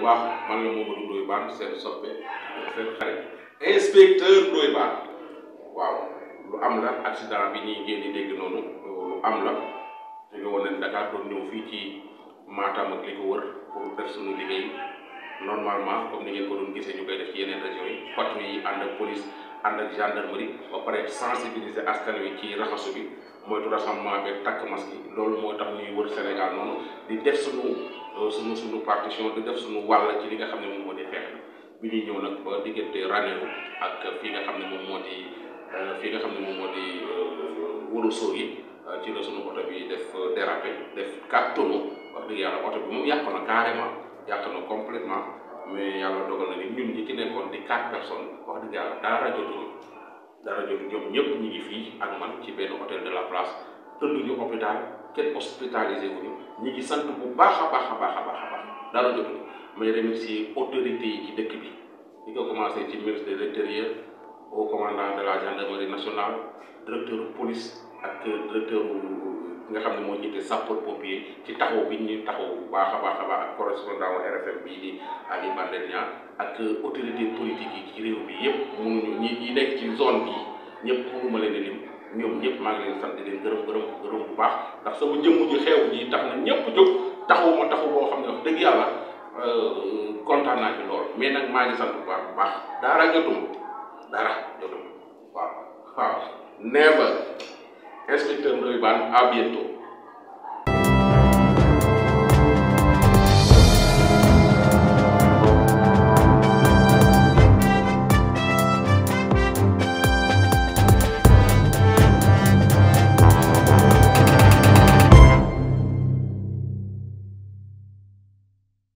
bu baax man la Momadou Ndoye Bane seen soppe seen xarit inspecteur Ndoye Bane waaw lu am la accident bi ñuy ngeen di dégg noonu lu am la ñu woon leen Dakar doon ñëw fii ci Matam ak li ko wër pour def suñu liggéey normalement comme ni ngeen ko doon gisee ñu koy def ci yeneen régions yi patrouille ànd ak police ànd ak gendarmerie ba pare sensibiliser askan wi ci raxasu bi moytu rassemblement bi takk masque yi loolu moo tax ñuy wër Sénégal noonu di def suñu euh, suñu suñu partition di def suñu wàll ci li nga xam ne moom moo di xeex bi ñuy ñëw nag ba diggante Ranérou ak fii nga xam ne moom moo di euh, nga xam ne moom moo di euh, wóolu sóor yi ci la suñu oto bi def dérapé def quatre tonneaux wax dëgg yàlla oto bi moom yàq na carrément yàq na completement mais yàlla dogal na ni ñun ñi ci nekkoon di quatre personnes wax dëgg yàlla dara jotuñu jotu ñoom ñëpp ñu ngi fii ak man ci benn hôtel de la place ñu hôpital kenn hospitalisé wuñu ñu ngi sant bu baax a baax a baax a baax a baax dara jotuñu may remercier autorités yi ci dëkk bi di ko commencé ci ministre de l'intérieur au commandant de la gendarmerie nationale directeur police ak directeur nga xam ne moo jiite sapeur pompier ci taxaw bi ñu taxaw bu baax a baax a baax ak correspondant wu RFM bii di Ali Bandenia ak autorité politique yi ci réew bi yëpp mënuñu ñi ñi nekk ci zone bi ñëpp mënuma leen di ñoom ñëpp maa ngi leen sant di leen gërëm gërëm gërëm bu baax ndax sama jëmm ji xew ji tax na ñëpp jóg taxaw ma taxaw boo xam ne wax dëgg yàlla euh, kontaan naa lool mais nag maa ngi sant bu baax bu baax daara jotuma dara jotuma waaw waaw respecteurs Ndoye Bane à bientôt